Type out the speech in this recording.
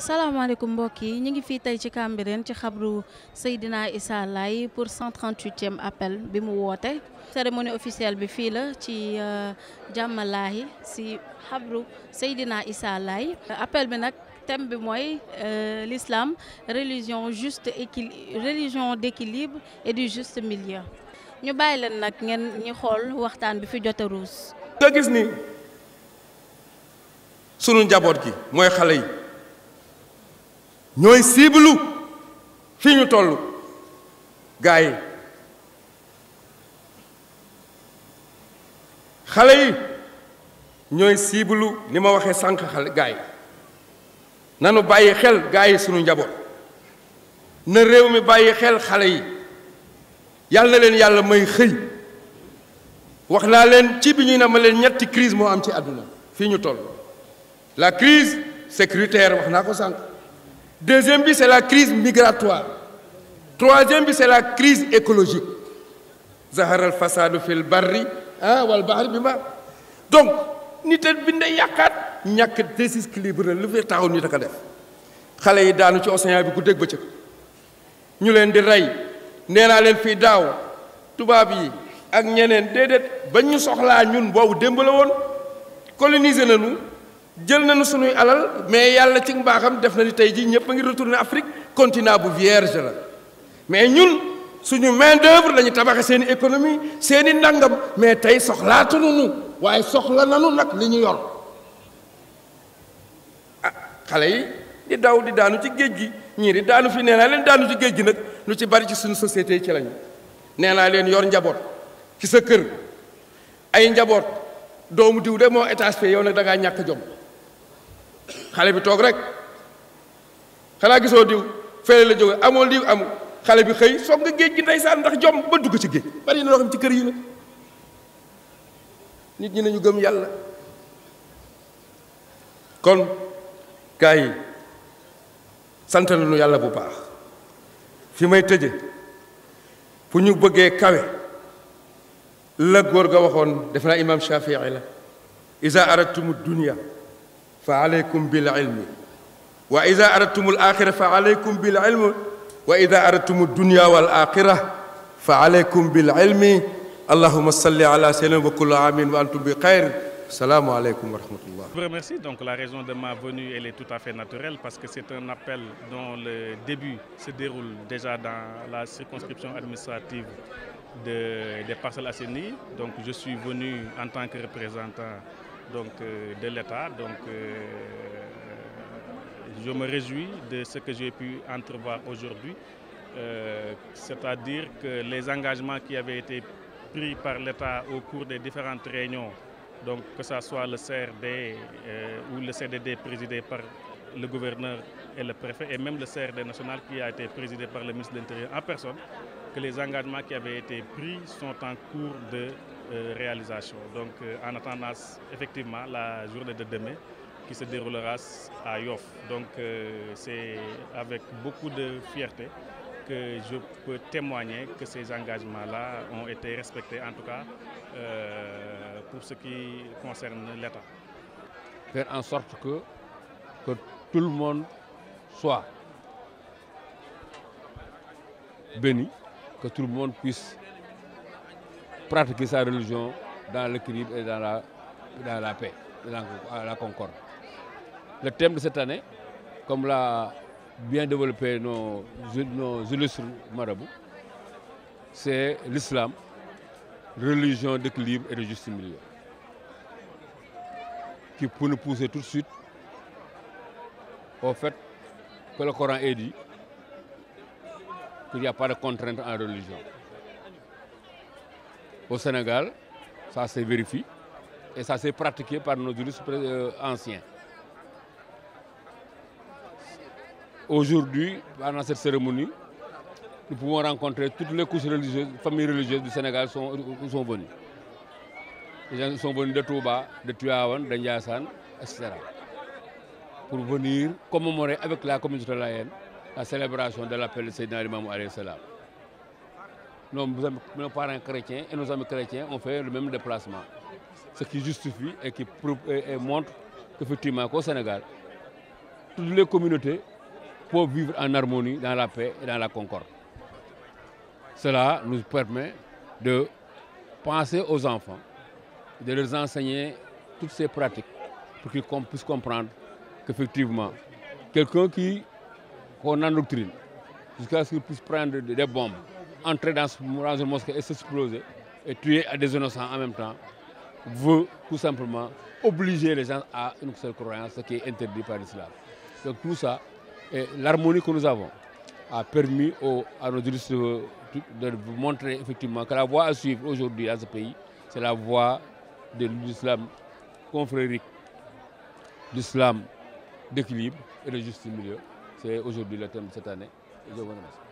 Salam alaikum Boki. Nous ngi fii tey ci Cambérène ci xabru Seydina Issa Lay pour 138e appel bi mu woote cérémonie officielle bi fi la ci euh, jàmmalaahi si xabru Seydina Issa Lay. appel bi nak thème bi moy euh, l'islam religion juste religion d'équilibre et du juste milieu ñu bàyyi leen nak ngeen ñi xol waxtaan bi fi jotta a Da gis ni suñu njaboot gi moy xalé yi ñooy siiblu fi ñu toll gaa yi xale yi ñooy siiblu ni ma waxee sànq xale gaa yi nanu bàyyi xel gaa yi sunu njaboot na réew mi bàyyi xel xale yi yàlla na leen yàlla may xëy wax naa leen ci bi ñuy na ma leen ñetti crise moo am ci àdduna fii ñu toll la crise sécuritaire wax naa ko sànq Deuxième but, c'est la crise migratoire. Troisième but, c'est la crise écologique. Zahar al-Fasad le barri, wal bahri bima. Donc, nous a des yàqaat nous. déséquilibre lu a def Nous yi daanu ci océan bi ñu leen di ray leen fi ak ñeneen ba jël nañu sunuy alal mais yàlla ci mbaaxam def na ni tey jii ñëpp a ngi retourné Afrique continent bu vierge la mais ñun suñu main d'œuvre la ñu tabaxe seen i économie seen i nangam mais tey soxlaatunu nu waaye soxla nanu nag li ñu yor ah xale yi di daw di daanu ci géej gi ñii di daanu fi nee naa leen daanu ci géej gi nag lu ci bari ci suñu societé ci lañu nee naa leen yor njaboot ci sa kër ay njaboot doomu diw de moo étage fee yow nag da ngaa ñàkk jom xale bi toog rek xanaa gisoo diw fële la jóge amoon diw amu xale bi xëy soog nga géej gi ndeysaan ndax jom ba dugg ci géej bari na loo ci kër yi la nit ñi nañu gëm yàlla kon gars yi sant nañu yàlla bu baax fi may tëje fu ñu bëggee kawe la góor ga waxoon def naa imaam Shafii la iza aradtumu dunya fa aleykum bil ilmi wa ida aradtum al axira fa aleykum bil ilmi wa ida aradtum dunia wal axira fa aleykum bil ilmi allahuma salli ala sayyidina wa kullu amin wa antum bi xayr Salam alaikum wa rahmatullah. Je vous remercie. Donc la raison de ma venue, elle est tout à fait naturelle parce que c'est un appel dont le début se déroule déjà dans la circonscription administrative de, des parcelles assainies. Donc je suis venu en tant que représentant donc, euh, de l'État. Donc, euh, je me réjouis de ce que j'ai pu entrevoir aujourd'hui, euh, c'est-à-dire que les engagements qui avaient été pris par l'État au cours des différentes réunions, donc que ce soit le CRD ou le CDD présidé par le gouverneur et le préfet, et même le CRD national qui a été présidé par le ministre de l'Intérieur en personne, que les engagements qui avaient été pris sont en cours de euh, réalisation. Donc euh, en attendant effectivement la journée de demain qui se déroulera à Yoff. Donc euh, c'est avec beaucoup de fierté que je peux témoigner que ces engagements-là ont été respectés, en tout cas pour ce qui concerne l'État. Faire en sorte que, que tout le monde soit béni, que tout le monde puisse pratiquer sa religion dans l'équilibre et dans la, dans la paix, dans la concorde. Le thème de cette année, comme l'a bien développé nos, nos illustres marabouts, c'est l'islam, religion d'équilibre et de justice qui peut nous pousser tout de suite au fait que le Coran est dit qu'il n'y a pas de contrainte en religion au Sénégal, ça s'est vérifié et ça s'est pratiqué par nos juristes euh, anciens. Aujourd'hui, pendant cette cérémonie, nous pouvons rencontrer toutes les couches religieuses, familles religieuses du Sénégal sont, euh, sont venues. Les gens sont venus de Touba, de Tuawan, de Ndiassan, etc. Pour venir commémorer avec la communauté laïenne la célébration de l'appel du Seigneur Imam Alayhi Salam nos, parents chrétiens et nos amis chrétiens ont fait le même déplacement. Ce qui justifie et qui montre qu'effectivement au Sénégal, toutes les communautés peuvent vivre en harmonie, dans la paix et dans la concorde. Cela nous permet de penser aux enfants, de leur enseigner toutes ces pratiques pour qu'ils puissent comprendre qu'effectivement, quelqu'un qui en doctrine, jusqu'à ce qu'il puisse prendre des bombes entrer dans, ce dans de mosquée et s'exploser et tuer des innocents en même temps veut tout simplement obliger les gens à une seule croyance, qui est interdite par l'islam. Donc tout ça, l'harmonie que nous avons, a permis à nos juristes de, vous montrer effectivement que la voie à suivre aujourd'hui dans ce pays, c'est la voie de l'islam confrérique, d'islam d'équilibre et de justice milieu. C'est aujourd'hui le thème de cette année. Je vous remercie.